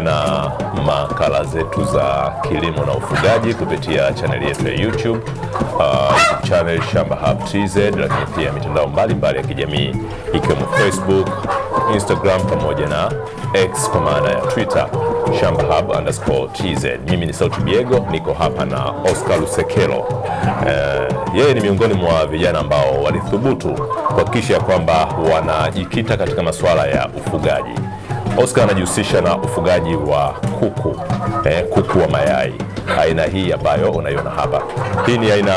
na makala zetu za kilimo na ufugaji kupitia chaneli yetu ya YouTube uh, channel Shamba Hub TZ, lakini pia mitandao mbalimbali ya kijamii ikiwemo Facebook, Instagram pamoja na X kwa maana ya Twitter Shamba Hub underscore TZ. Mimi ni Sauti Biego, niko hapa na Oscar Lusekelo. Uh, yeye ni miongoni mwa vijana ambao walithubutu kuhakikisha kwamba wanajikita katika masuala ya ufugaji. Oscar anajihusisha na ufugaji wa kuku eh, kuku wa mayai aina hii ambayo unaiona hapa. Hii ni aina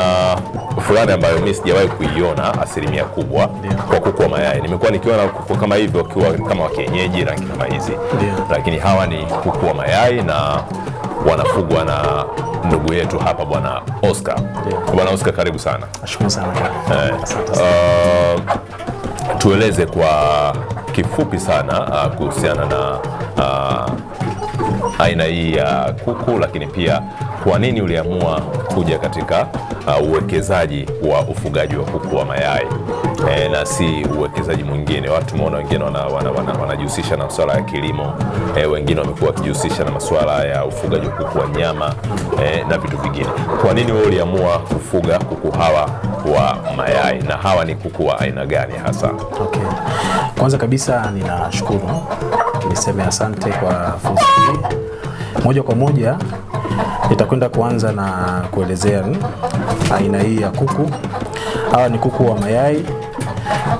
fulani ambayo mimi sijawahi kuiona asilimia kubwa kwa kuku wa mayai. Nimekuwa nikiona kuku kama hivyo wakiwa kama wa kienyeji, rangi kama hizi, lakini hawa ni kuku wa mayai na wanafugwa na ndugu yetu hapa Bwana Oscar. Bwana Oscar, karibu sana. Asante sana. Eh, asante sana. Uh, tueleze kwa kifupi sana uh, kuhusiana na uh, aina hii ya kuku, lakini pia kwa nini uliamua kuja katika uh, uwekezaji wa ufugaji wa kuku wa mayai? eh, na si uwekezaji mwingine. Watu tumeona wengine wanajihusisha wana, wana, wana na masuala ya kilimo eh, wengine wamekuwa wakijihusisha na masuala ya ufugaji wa kuku wa nyama eh, na vitu vingine. Kwa nini wewe uliamua kufuga kuku hawa wa mayai na hawa ni kuku wa aina gani hasa? Okay. Kwanza kabisa ninashukuru, niseme asante kwa fursa hii. Moja kwa moja nitakwenda kuanza na kuelezea aina hii ya kuku. Hawa ni kuku wa mayai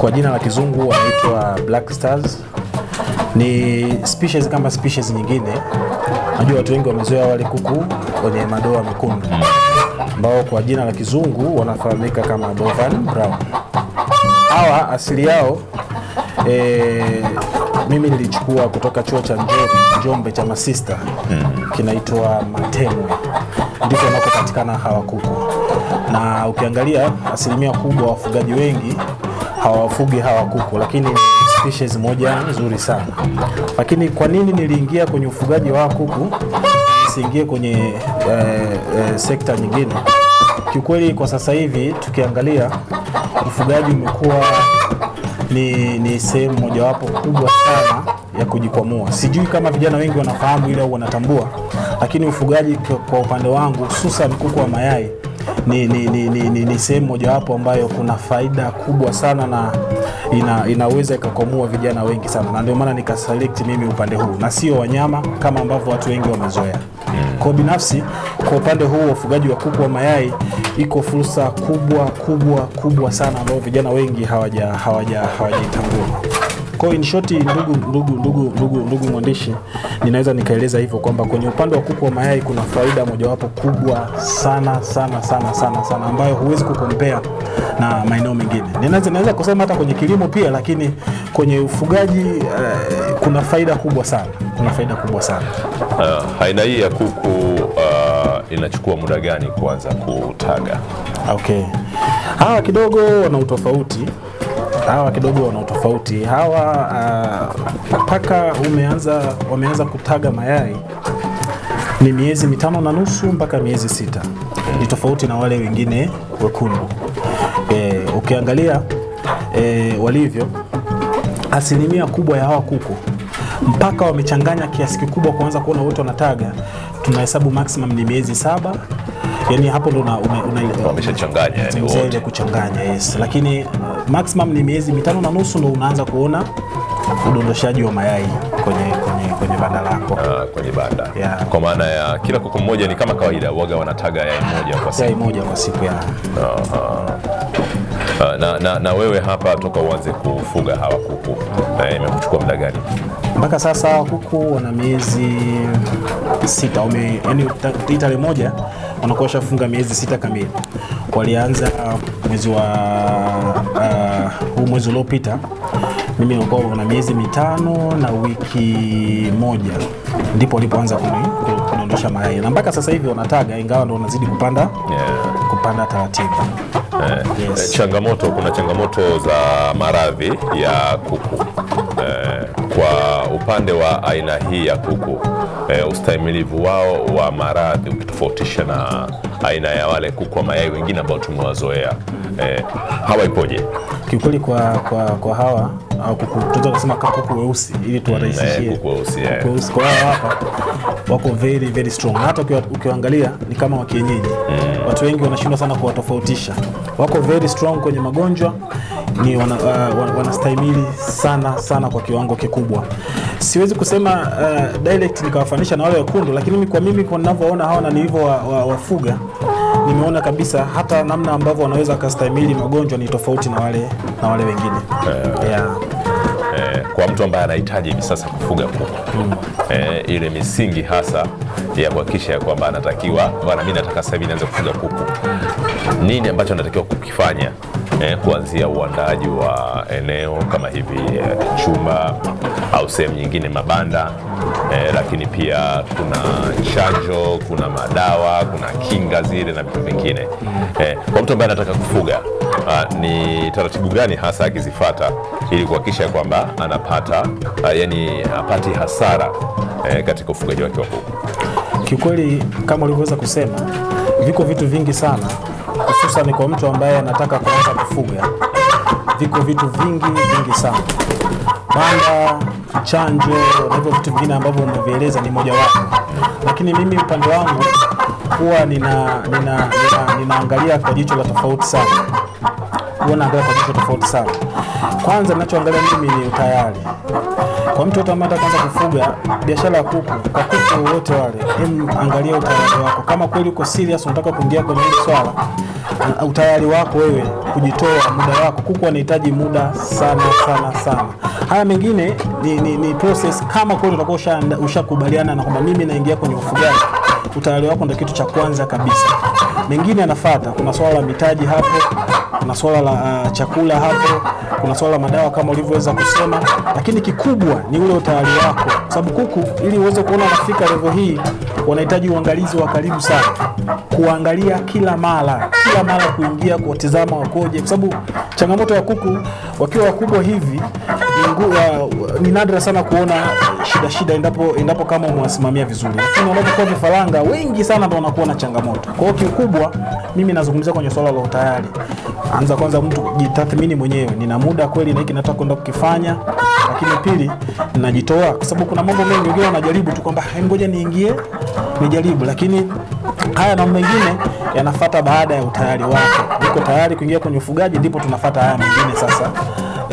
kwa jina la kizungu wanaitwa black stars. Ni species kama species nyingine. Najua watu wengi wamezoea wale kuku wenye madoa mekundu ambao kwa jina la kizungu wanafahamika kama Bovan Brown. Hawa asili yao e, mimi nilichukua kutoka chuo cha Njombe cha masista hmm, kinaitwa Matemwe, ndipo wanakopatikana hawa kuku, na ukiangalia asilimia kubwa wafugaji wengi hawafugi hawa kuku, lakini species moja nzuri sana. Lakini kwa nini niliingia kwenye ufugaji wa kuku nisiingie kwenye e, e, sekta nyingine? Kiukweli kwa sasa hivi tukiangalia ufugaji umekuwa ni, ni sehemu mojawapo kubwa sana ya kujikwamua. Sijui kama vijana wengi wanafahamu ile au wanatambua, lakini ufugaji kwa upande wangu hususan kuku wa mayai ni, ni, ni, ni, ni, ni sehemu mojawapo ambayo kuna faida kubwa sana na ina, inaweza ikakwamua vijana wengi sana, na ndio maana nikaselect mimi upande huu na sio wanyama kama ambavyo watu wengi wamezoea. Hmm. Kwa binafsi, kwa upande huu wa ufugaji wa kuku wa mayai iko fursa kubwa kubwa kubwa sana ambayo vijana wengi hawaja hawaja kwa hiyo in short, ndugu ndugu ndugu ndugu ndugu mwandishi, ninaweza nikaeleza hivyo kwamba kwenye upande wa kuku wa mayai kuna faida mojawapo kubwa sana sana sana sana sana ambayo huwezi kukompea na maeneo mengine. Ninaweza naweza kusema hata kwenye kilimo pia, lakini kwenye ufugaji uh, kuna faida kubwa sana, kuna faida kubwa sana uh, aina hii ya kuku uh, inachukua muda gani kuanza kutaga? Okay, hawa kidogo wana utofauti hawa kidogo wana utofauti hawa. Uh, paka umeanza wameanza kutaga mayai ni miezi mitano na nusu mpaka miezi sita, ni tofauti na wale wengine wekundu. E, ukiangalia e, walivyo, asilimia kubwa ya hawa kuku mpaka wamechanganya kiasi kikubwa kuanza kuona wote wanataga, tunahesabu maximum ni miezi saba. Yani hapo ndo wameshachanganya yani wote kuchanganya, yes. Lakini maximum ni miezi mitano na nusu ndo unaanza kuona udondoshaji wa mayai kwenye, kwenye, kwenye banda lako ah, kwenye banda yeah. Kwa maana ya kila kuku mmoja ni kama kawaida waga wanataga yai moja kwa siku, yai moja kwa siku ya. uh -huh. Ah, na, na, na wewe hapa toka uanze kufuga hawa kuku imekuchukua muda gani? Mpaka sasa kuku wana miezi sita, yani tarehe moja wanakuwa washafunga miezi sita kamili. Walianza mwezi wa ah, huu uh, mwezi uliopita mimi nilikuwa na miezi mitano na wiki moja ndipo walipoanza kuniondosha mayai, na mpaka sasa hivi wanataga, ingawa ndo wanazidi kupanda yeah kupanda taratibu. Eh, yes. Changamoto, kuna changamoto za maradhi ya kuku eh, kwa upande wa aina hii ya kuku e, ustahimilivu wao wa maradhi ukitofautisha na aina ya wale kuku wa mayai wengine ambao tumewazoea e, hawa ipoje? Kiukweli kwa, kwa, kwa hawa tunaweza kusema kama kuku weusi ili tuwarahisishie. E, kuku weusi kwa hawa hapa wako very very strong, hata ukiwaangalia ni kama wa kienyeji mm. Watu wengi wanashindwa sana kuwatofautisha, wako very strong kwenye magonjwa ni wana, uh, wanastahimili sana sana kwa kiwango kikubwa. Siwezi kusema uh, direct nikawafanisha na wale wekundu, lakini mimi kwa mimi kwa ninavyoona hawa na nilivyowafuga wa, wa nimeona kabisa hata namna ambavyo wanaweza wakastahimili magonjwa ni tofauti na wale, na wale wengine uh, yeah. uh, kwa mtu ambaye anahitaji hivi sasa kufuga kuku mm. uh, ile misingi hasa ya kuhakikisha ya kwamba anatakiwa bwana, mimi nataka sasa hivi nianze kufuga kuku, nini ambacho anatakiwa kukifanya? eh, kuanzia uandaaji wa eneo kama hivi eh, chumba au sehemu nyingine mabanda eh, lakini pia kuna chanjo, kuna madawa, kuna kinga zile na vitu vingine eh, kwa mtu ambaye anataka kufuga Uh, ni taratibu gani hasa akizifata ili kuhakikisha kwamba anapata uh, yani apati hasara eh, katika ufugaji wake wa kuku? Kiukweli, kama ulivyoweza kusema, viko vitu vingi sana ni kwa mtu ambaye anataka kuanza kufuga, viko vitu vingi vingi sana, banda, chanjo na hivyo vitu vingine ambavyo umevieleza ni moja wapo lakini mimi upande wangu huwa nina, nina, nina, ninaangalia kwa jicho la tofauti sana, huwa naangalia kwa jicho tofauti sana. Kwanza ninachoangalia mimi ni utayari kwa mtu yote kwanza kufuga biashara ya kuku, kwa kuku wote wale, hem, angalia utayari wako. Kama kweli uko serious unataka kuingia kwenye hili swala, utayari wako wewe kujitoa muda wako. Kuku anahitaji muda sana sana sana. Haya mengine ni, ni, ni process. Kama kweli utakuwa ushakubaliana na kwamba mimi naingia kwenye ufugaji, utayari wako ndio kitu cha kwanza kabisa. Mengine anafata kuna swala la mitaji hapo kuna swala la uh, chakula hapo, kuna swala la madawa kama ulivyoweza kusema, lakini kikubwa ni ule utayari wako, sababu kuku ili uweze kuona wanafika level hii wanahitaji uangalizi wa karibu sana, kuangalia kila mara, kila mara kuingia kuwatizama wakoje, kwa sababu changamoto ya kuku wakiwa wakubwa hivi uh, ni nadra sana kuona shida shida endapo, endapo kama umewasimamia vizuri, lakini wanapokuwa vifaranga wengi sana ndio wanakuwa na changamoto. Kwa hiyo kikubwa, mimi nazungumzia kwenye swala la utayari, anza kwanza mtu jitathmini mwenyewe, nina muda kweli na hiki nataka kwenda kukifanya, lakini pili najitoa, kwa sababu kuna mambo mengi wengine wanajaribu tu kwamba ngoja niingie nijaribu, lakini haya na mengine yanafuata baada ya utayari wako. Uko tayari kuingia kwenye ufugaji, ndipo tunafuata haya mengine sasa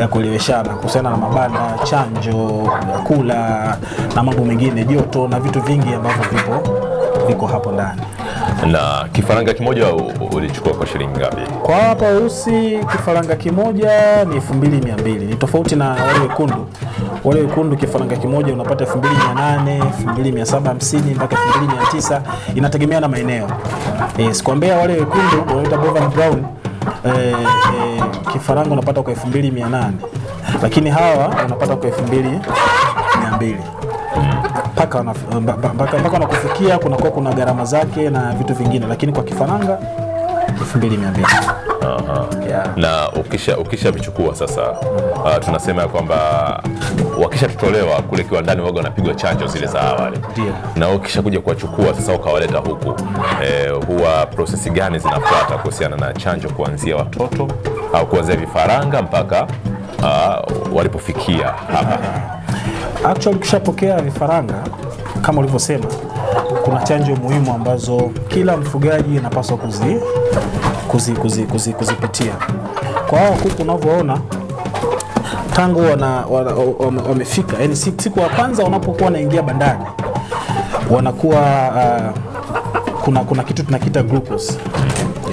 ya kueleweshana kuhusiana na mabanda, chanjo, vyakula na mambo mengine, joto na vitu vingi ambavyo vipo viko hapo ndani. Na kifaranga kimoja ulichukua kwa shilingi ngapi? Kwa hapa weusi kifaranga kimoja ni 2200. Ni tofauti na wale wekundu. Wale wekundu kifaranga kimoja unapata 2800, 2750 mpaka 2900 inategemea na maeneo. Yes, eh, kwa Mbeya wale wekundu wanaita Bovan Brown eh, eh, kifaranga unapata kwa 2800 lakini hawa wanapata kwa 2200 eh, mpaka mpaka wanakufikia kunakuwa kuna gharama zake na vitu vingine, lakini kwa kifaranga 2200. Aha. Yeah. Na ukisha ukishavichukua sasa, uh, tunasema ya kwamba wakishatotolewa kule kiwandani, waga wanapigwa chanjo zile za awali yeah. Na ukisha kuja kuwachukua sasa ukawaleta huku eh, huwa prosesi gani zinafuata kuhusiana na chanjo kuanzia watoto au kuanzia vifaranga mpaka uh, walipofikia hapa? Actually ukishapokea vifaranga kama ulivyosema, kuna chanjo muhimu ambazo kila mfugaji anapaswa kuzi kuzipitia kuzi, kuzi, kuzi kwa hawa kuku unavyoona tangu wamefika wana, wana, wana, yani siku ya kwanza wanapokuwa wanaingia bandani wanakuwa uh, kuna, kuna kitu tunakiita glucose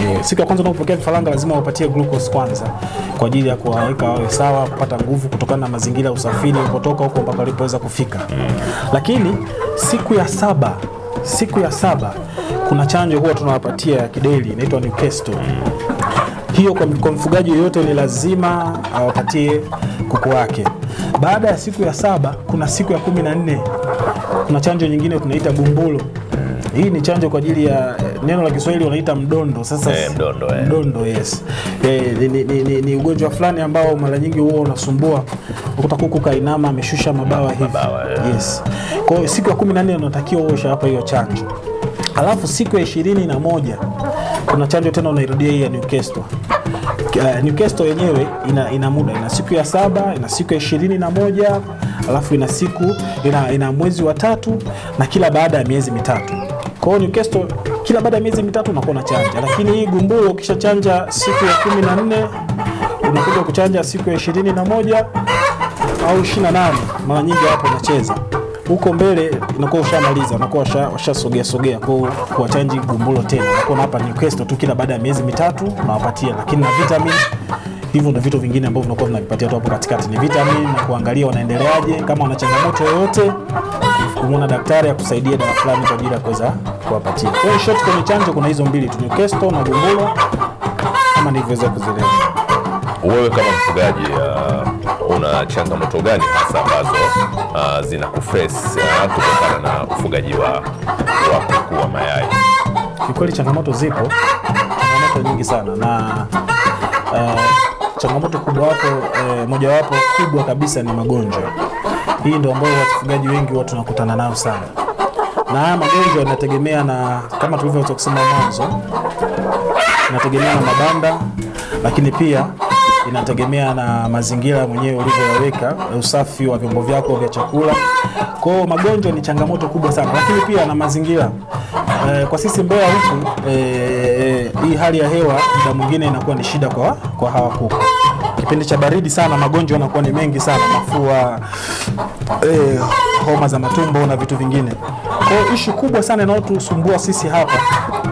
yeah. Siku ya kwanza unapopokea vifaranga lazima wapatie glucose kwanza kwa ajili ya kuwaweka wawe sawa, kupata nguvu kutokana na mazingira ya usafiri ulipotoka huko mpaka walipoweza kufika. Lakini siku ya saba, siku ya saba kuna chanjo huwa tunawapatia ya kideli inaitwa Newcastle. Hiyo kwa mfugaji yoyote ni lazima awapatie kuku wake. Baada ya siku ya saba, kuna siku ya kumi na nne kuna chanjo nyingine tunaita bumbulo. Hii ni chanjo kwa ajili ya eh, neno la Kiswahili wanaita mdondo. Sasa hey, eh, mdondo, hey. Eh. Mdondo, yes. Hey, ni, ni, ni, ni ugonjwa fulani ambao mara nyingi huwa unasumbua, ukuta kuku kainama ameshusha mabawa hivi, yes. Kwa hiyo siku ya kumi unatakiwa uwe hapa hiyo chanjo alafu siku ya ishirini na moja kuna chanjo tena unairudia hii ya Newcastle. Uh, Newcastle yenyewe ina, ina muda ina siku ya saba ina siku ya ishirini na moja alafu ina siku ina, ina mwezi wa tatu na kila baada ya miezi mitatu. Kwa hiyo Newcastle kila baada ya miezi mitatu unakuwa na chanja, lakini hii ukisha chanja siku ya kumi na nne unakuja kuchanja siku ya ishirini na moja au ishirini na nane mara nyingi hapo unacheza huko mbele nakuwa ushamaliza, unakuwa ushasogea sogea kwa kuwachanji gumbulo tena, unakuwa hapa ni Newcastle tu, kila baada ya miezi mitatu unawapatia, lakini na vitamin hivyo ndio vitu vingine ambavyo vinakuwa vinavipatia tu hapo katikati, ni vitamin na kuangalia wanaendeleaje, kama wana changamoto yoyote, kumwona daktari akusaidia dawa fulani kwa ajili ya kuweza kuwapatia. Kwa shot short kwenye chanjo kuna hizo mbili tu, Newcastle na gumbulo kama nilivyoweza kuzieleza. Wewe kama mfugaji uh, una changamoto gani hasa ambazo uh, ah, zina kuface uh, ah, kutokana na ufugaji wa, wa kuku wa mayai? Kiukweli changamoto zipo, changamoto nyingi sana na uh, changamoto kubwa wapo eh, mojawapo kubwa kabisa ni magonjwa. Hii ndio ambayo wafugaji wengi wao tunakutana nayo sana, na haya magonjwa yanategemea na kama tulivyoweza kusema mwanzo, yanategemea na mabanda, lakini pia inategemea na mazingira mwenyewe ulivyoyaweka, usafi wa vyombo vyako vya chakula. Kwa hiyo magonjwa ni changamoto kubwa sana, lakini pia na mazingira e, kwa sisi Mbeya huku e, eh, e, hii hali ya hewa muda mwingine inakuwa ni shida kwa, kwa hawa kuku. Kipindi cha baridi sana magonjwa yanakuwa ni mengi sana, mafua e, homa za matumbo na vitu vingine. Kwa hiyo ishu kubwa sana inayotusumbua sisi hapa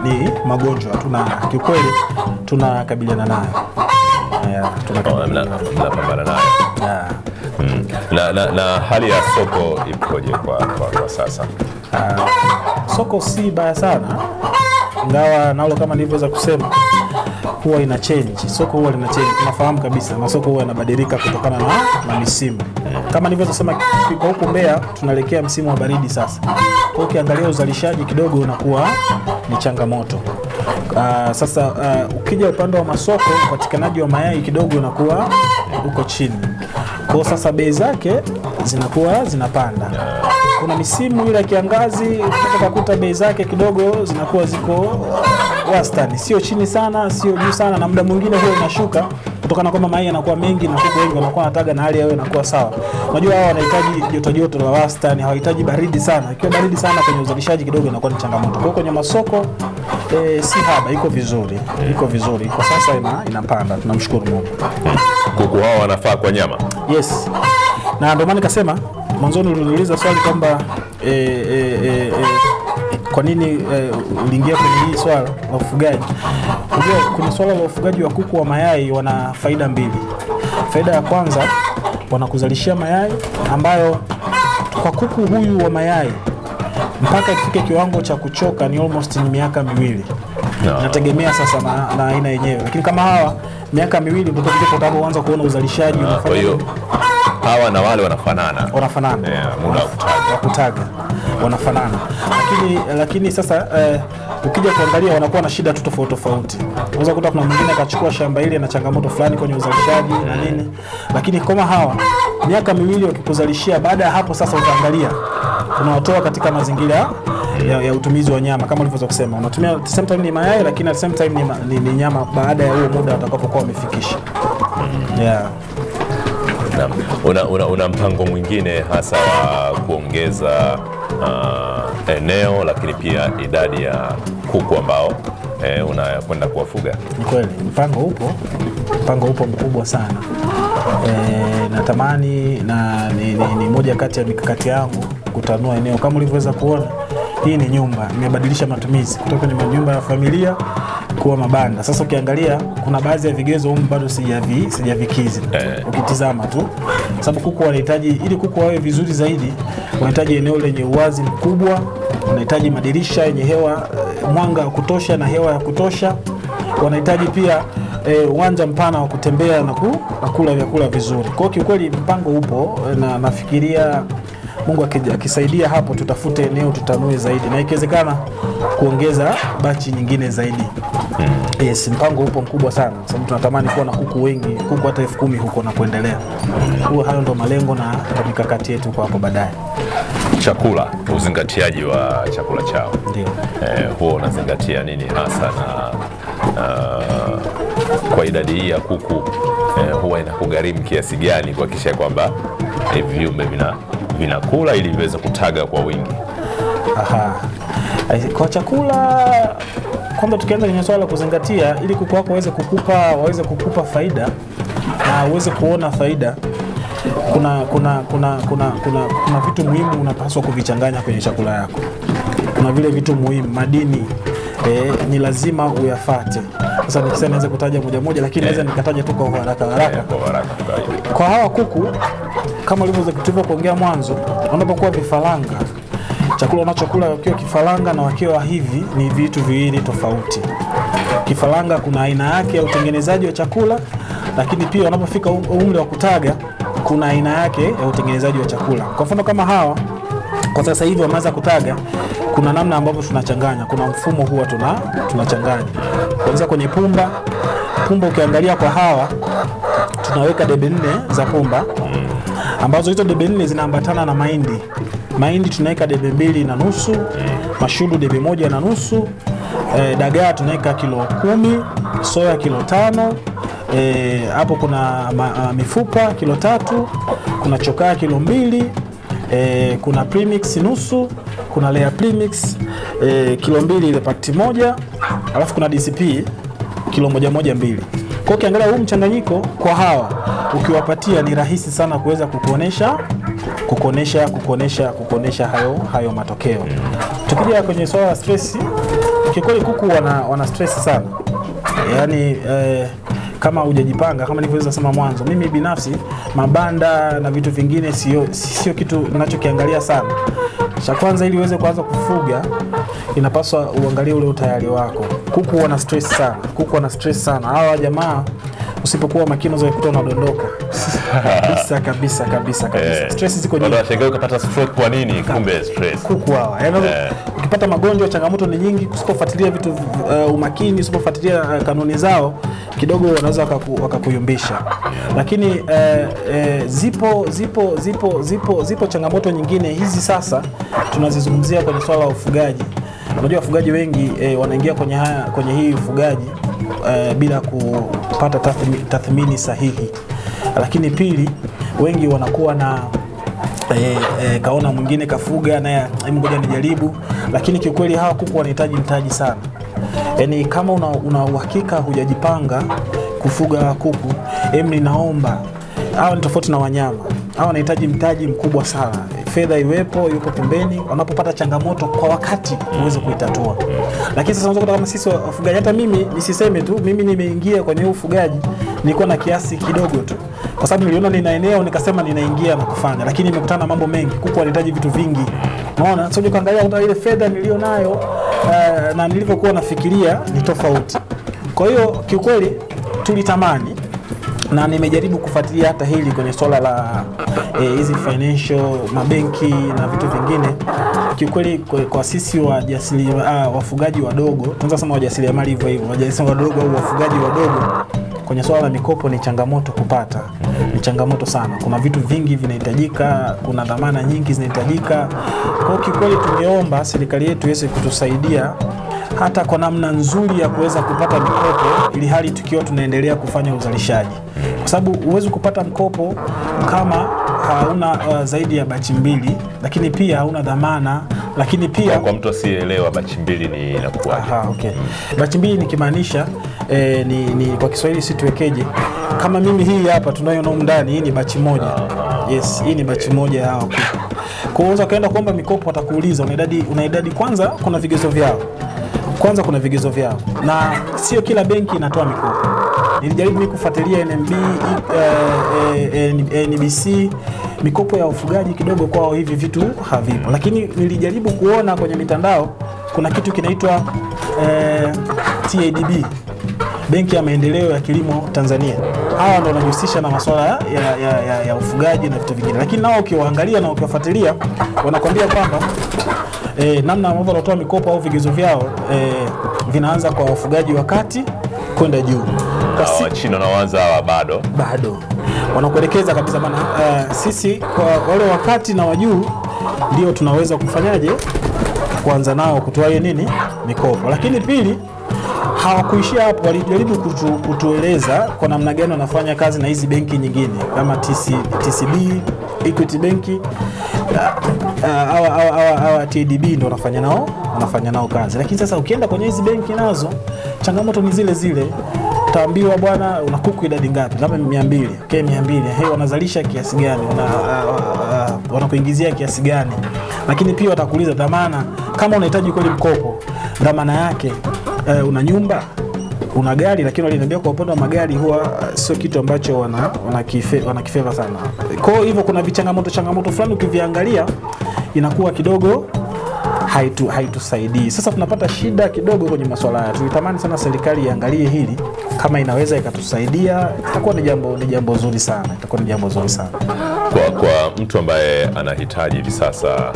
ni magonjwa, tuna kiukweli tunakabiliana nayo. Oh, hmm. Na, hali ya soko ipoje kwa, kwa, kwa sasa? Uh, soko si baya sana ingawa nalo kama nilivyoweza kusema huwa ina change, soko huwa lina change, tunafahamu kabisa, na soko huwa inabadilika kutokana na, na misimu hmm. kama nilivyoweza kusema. Kwa huku Mbeya tunaelekea msimu wa baridi sasa, kwa ukiangalia uzalishaji kidogo unakuwa ni changamoto. Uh, sasa uh, ukija upande wa masoko upatikanaji wa mayai kidogo inakuwa huko chini, kwao, sasa bei zake zinakuwa zinapanda. Kuna misimu ile ya kiangazi utakakuta bei zake kidogo zinakuwa ziko wastani, sio chini sana, sio juu sana, na muda mwingine huwa inashuka kutokana kwamba mayai yanakuwa mengi na kuku wengi wanakuwa wanataga na hali yao inakuwa sawa. Unajua hao wanahitaji joto joto la wastani, hawahitaji baridi sana. Ikiwa baridi sana kwenye uzalishaji kidogo inakuwa ni changamoto. Kwa hiyo kwenye masoko E, si haba, iko vizuri, iko vizuri kwa sasa ina, inapanda. Tunamshukuru Mungu. Kuku hao wanafaa kwa nyama? Yes, na ndio maana nikasema mwanzoni uliniuliza swali kwamba e, e, e, kwa nini e, uliingia kwenye hii swala la ufugaji. Unajua kuna swala la ufugaji wa kuku wa mayai, wana faida mbili. Faida ya kwanza wanakuzalishia mayai ambayo kwa kuku huyu wa mayai mpaka ifike kiwango cha kuchoka ni almost ni miaka miwili no. Nategemea sasa na, na aina yenyewe, lakini kama hawa miaka miwili ndipo utakapoanza kuona uzalishaji no. Ah, kwa hiyo hawa na wale wanafanana wanafanana, yeah, muda wa kutaga wanafanana, lakini lakini sasa eh, ukija kuangalia wanakuwa na shida tu tofauti tofauti. Unaweza kukuta kuna mwingine akachukua shamba hili na changamoto fulani kwenye uzalishaji na nini, lakini kama hawa miaka miwili wakikuzalishia, baada ya hapo sasa utaangalia unaotoa katika mazingira ya, ya utumizi wa nyama kama ulivyoweza kusema, unatumia at same time ni mayai lakini at same time ni, ni, ni nyama baada ya huo muda watakapokuwa wamefikisha. Hmm. Yeah. Una, una, una mpango mwingine hasa wa kuongeza uh, eneo lakini pia idadi ya kuku ambao eh, unakwenda kuwafuga? Ni kweli mpango upo, mpango upo mkubwa sana e, natamani na ni, ni, ni moja kati ya mikakati yangu kutanua eneo kama ulivyoweza kuona. Hii ni nyumba imebadilisha matumizi kutoka kwenye manyumba ya familia kuwa mabanda. Sasa ukiangalia kuna baadhi ya vigezo humu bado sijavi sijavikizi eh. ukitizama tu, sababu kuku wanahitaji, ili kuku wawe vizuri zaidi, wanahitaji eneo lenye uwazi mkubwa, wanahitaji madirisha yenye hewa, eh, mwanga wa kutosha na hewa ya kutosha. Wanahitaji pia eh, uwanja e, mpana wa kutembea na kula vyakula vizuri. Kwa hiyo kiukweli mpango upo na nafikiria Mungu akisaidia hapo, tutafute eneo tutanue zaidi, na ikiwezekana kuongeza bachi nyingine zaidi. Hmm. Yes, mpango upo mkubwa sana sababu tunatamani kuwa na kuku wengi, kuku hata elfu kumi huko na kuendelea. Huo hayo ndo malengo na mikakati yetu kwa hapo baadaye. Chakula, uzingatiaji wa chakula chao ndio eh, huo unazingatia nini hasa na uh, kwa idadi hii ya kuku eh, huwa inakugharimu kiasi gani kuhakikisha kwamba eh, viumbe vina vinakula ili viweze kutaga kwa wingi. Aha. Kwa chakula kwanza, tukianza kwenye swala la kuzingatia, ili kuku wako waweze kukupa waweze kukupa faida na uweze kuona faida, kuna kuna kuna kuna kuna, kuna vitu muhimu unapaswa kuvichanganya kwenye chakula yako. Kuna vile vitu muhimu madini E, ni lazima uyafate. Sasa nikisema naweza kutaja moja moja, lakini eh. naweza yeah, nikataja tu kwa eh, haraka haraka yeah, kwa hawa kuku kama ulivyokutulia kuongea mwanzo, unapokuwa vifaranga, chakula unachokula wakiwa kifaranga na wakiwa hivi ni vitu viwili tofauti. Kifaranga kuna aina yake ya utengenezaji wa chakula, lakini pia wanapofika umri wa kutaga kuna aina yake ya utengenezaji wa chakula. Kwa mfano kama hawa kwa sasa hivi wameanza kutaga, kuna namna ambavyo tunachanganya, kuna mfumo huwa tuna tunachanganya kwanza kwenye pumba. Pumba ukiangalia kwa hawa tunaweka debe nne za pumba ambazo hizo debe nne zinaambatana na mahindi. Mahindi tunaweka debe mbili na nusu, mashudu debe moja na nusu, e, dagaa tunaweka kilo kumi, soya kilo tano e, hapo e, kuna ma, mifupa kilo tatu, kuna chokaa kilo mbili e, kuna premix nusu, kuna layer premix e, kilo mbili ile pakiti moja, alafu kuna DCP kilo moja moja mbili. Kwa ukiangalia huu mchanganyiko kwa hawa ukiwapatia ni rahisi sana kuweza kukuonesha kukuonesha kukuonesha kukuonesha hayo hayo matokeo. Tukija kwenye swala la stress, kikweli kuku wana, wana stress sana yaani eh, kama hujajipanga kama nilivyoweza sema mwanzo, mimi binafsi mabanda na vitu vingine sio sio kitu ninachokiangalia sana. Cha kwanza ili uweze kuanza kufuga inapaswa uangalie ule utayari wako. Kuku wana stress sana, kuku wana stress sana. Hawa jamaa usipokuwa makini unaweza kukuta unadondoka kabisa kabisa kabisa kabisa. Eh. Stress ziko nyingi. Unashangaa ukapata stroke kwa nini? Kumbe stress. Kuku hawa. Yaani eh wakipata magonjwa, changamoto ni nyingi. Kusipofuatilia vitu uh, umakini, usipofuatilia uh, kanuni zao kidogo wanaweza wakakuyumbisha waka, lakini eh, eh, zipo zipo zipo zipo zipo changamoto nyingine hizi, sasa tunazizungumzia kwenye swala la ufugaji. Unajua wafugaji wengi eh, wanaingia kwenye haya, kwenye hii ufugaji eh, bila kupata tathmini sahihi, lakini pili wengi wanakuwa na eh, eh, kaona mwingine kafuga naye, ngoja nijaribu, lakini kiukweli hawa kuku wanahitaji mtaji sana. Yaani kama una, una uhakika hujajipanga kufuga kuku em, ninaomba hawa ni tofauti na wanyama, hawa wanahitaji mtaji mkubwa sana, fedha iwepo, yuko pembeni, wanapopata changamoto kwa wakati uweze kuitatua. Lakini sasa unaweza kama sisi wafugaji, hata mimi nisiseme tu, mimi nimeingia kwenye ufugaji nilikuwa na kiasi kidogo tu kwa sababu niliona nina eneo nikasema ninaingia na kufanya, lakini nimekutana na mambo mengi. Kuku alihitaji vitu vingi, unaona. Sio ukaangalia hata ile fedha nilionayo uh, na nilivyokuwa nafikiria ni tofauti. Kwa hiyo kiukweli tulitamani na nimejaribu kufuatilia hata hili kwenye swala la eh, hizi e, financial mabenki na vitu vingine. Kiukweli kwa, kwa sisi wajasiri ah, wafugaji wadogo, tunaweza sema wajasiriamali hivyo hivyo, wajasiri wadogo au wafugaji wadogo, kwenye swala la mikopo ni changamoto kupata, ni changamoto sana. Kuna vitu vingi vinahitajika, kuna dhamana nyingi zinahitajika. Kwa kikweli, tumeomba serikali yetu iweze kutusaidia hata kwa namna nzuri ya kuweza kupata mikopo, ili hali tukiwa tunaendelea kufanya uzalishaji, kwa sababu huwezi kupata mkopo kama hauna uh, zaidi ya bachi mbili, lakini pia hauna dhamana, lakini pia kwa mtu asielewa bachi mbili ni inakuwa okay. mm. Bachi mbili nikimaanisha eh, ni, ni kwa Kiswahili si tuwekeje, kama mimi hii hapa tunayo naumu ndani, hii ni bachi moja. Ah. Yes, hii ni bachi moja ya okay. Kwa hiyo ukaenda kuomba mikopo, atakuuliza una idadi, una idadi. Kwanza kuna vigezo vyao, kwanza kuna vigezo vyao, na sio kila benki inatoa mikopo nilijaribu ni kufuatilia NMB, eh, eh, eh, NBC, mikopo ya ufugaji kidogo kwao hivi vitu havipo, lakini nilijaribu kuona kwenye mitandao kuna kitu kinaitwa eh, TADB Benki ya Maendeleo ya Kilimo Tanzania. Hawa ndo wanajihusisha na masuala ya, ya, ya, ya ufugaji na vitu vingine, lakini nao ukiwaangalia na ukiwafuatilia wanakwambia kwamba eh, namna ambavyo wanatoa mikopo au vigezo vyao eh, vinaanza kwa wafugaji wa kati kwenda juu. Wachina na hawa bado bado wanakuelekeza kabisa bana. Uh, sisi kwa wale wakati na wajuu ndio tunaweza kufanyaje kuanza nao kutoa hiyo nini mikopo, lakini pili hawakuishia hapo, walijaribu kutu, kutueleza kwa namna gani wanafanya kazi na hizi benki nyingine kama TC, TCB, Equity Benki eh, hawa TDB ndo wanafanya nao wanafanya nao kazi, lakini sasa ukienda kwenye hizi benki nazo changamoto ni zile zile utaambiwa bwana, una kuku idadi ngapi? Labda mia mbili. Okay, mia mbili. Hey, wanazalisha kiasi gani? Wana, uh, uh, uh, wanakuingizia kiasi gani? Lakini pia watakuuliza dhamana, kama unahitaji kweli mkopo, dhamana yake uh, una nyumba una gari lakini waliniambia kwa upande wa magari huwa uh, sio kitu ambacho wana wanakifeva sana. Kwa hivyo kuna vichangamoto changamoto fulani ukiviangalia inakuwa kidogo haitusaidii. haitu Sasa tunapata shida kidogo kwenye masuala haya. Tulitamani sana serikali iangalie hili kama inaweza ikatusaidia, itakuwa ni jambo ni jambo zuri sana, itakuwa ni jambo zuri sana kwa, kwa mtu ambaye anahitaji hivi sasa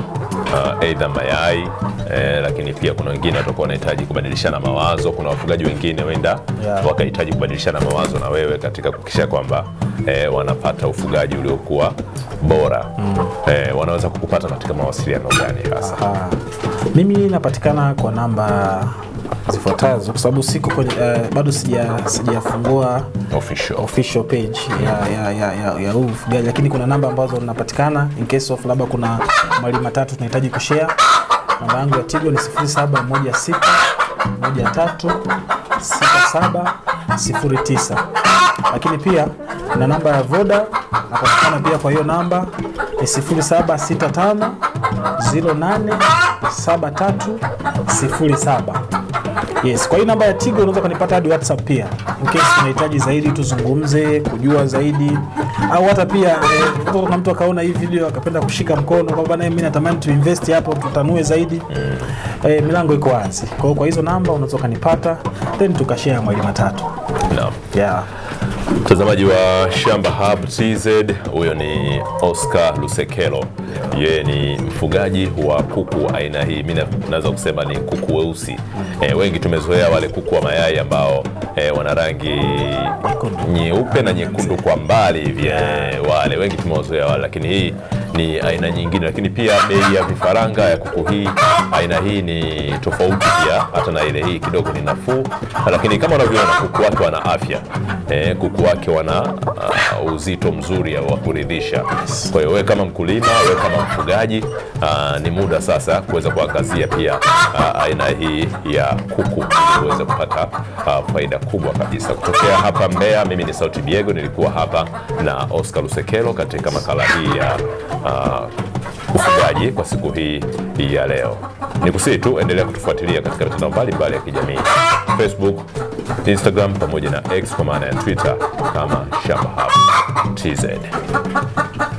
aidha uh, mayai eh, lakini pia kuna wengine watakuwa wanahitaji kubadilishana mawazo. Kuna wafugaji wengine wenda yeah, wakahitaji kubadilishana mawazo na wewe katika kuhakikisha kwamba eh, wanapata ufugaji uliokuwa bora mm. Eh, wanaweza kukupata katika mawasiliano gani hasa? Mimi napatikana kwa namba zifuatazo, kwa sababu siko kwenye uh, bado sijafungua official, official page ya ya ya, ya, ya huu ufugaji, lakini kuna namba ambazo zinapatikana in case of labda kuna mali matatu tunahitaji kushare. Namba yangu ya Tigo ni 0716 13 67 09, lakini pia na namba ya Voda napatikana pia, kwa hiyo namba ni 0765 08 73 07 Yes, kwa hii namba ya Tigo unaweza kunipata hadi WhatsApp pia. In case unahitaji zaidi tuzungumze, kujua zaidi au hata pia eh, kuna mtu akaona hii video akapenda kushika mkono kwamba naye mimi natamani invest hapo tutanue zaidi. Mm. Eh, milango iko wazi. Kwa hiyo kwa hizo namba unaweza kunipata then tukashare mawili matatu. No. Yeah. Mtazamaji wa Shamba Hub TZ, huyo ni Oscar Lusekelo yeye ni mfugaji wa kuku aina hii, mi naweza kusema ni kuku weusi. E, wengi tumezoea wale kuku wa mayai ambao e, wana rangi nyeupe na nyekundu kwa mbali hivi, eh, wale wengi tumewazoea wale, lakini hii ni aina nyingine. Lakini pia bei ya vifaranga ya kuku hii aina hii ni tofauti pia, hata na ile hii kidogo ni nafuu, lakini kama unavyoona kuku wake wana afya e, kuku wake wana uh, uzito mzuri wa kuridhisha. Kwa hiyo wewe kama mkulima we kama mfugaji uh, ni muda sasa kuweza kuangazia pia ah, aina hii ya kuku ili uweze kupata uh, faida kubwa kabisa. Kutokea hapa Mbeya, mimi ni Sauti Diego, nilikuwa hapa na Oscar Lusekelo katika makala hii ya uh, ufugaji kwa siku hii ya leo. ni kusihi tu endelea kutufuatilia katika mitandao mbalimbali ya kijamii Facebook, Instagram pamoja na X kwa maana ya Twitter kama Shamba Hub TZ.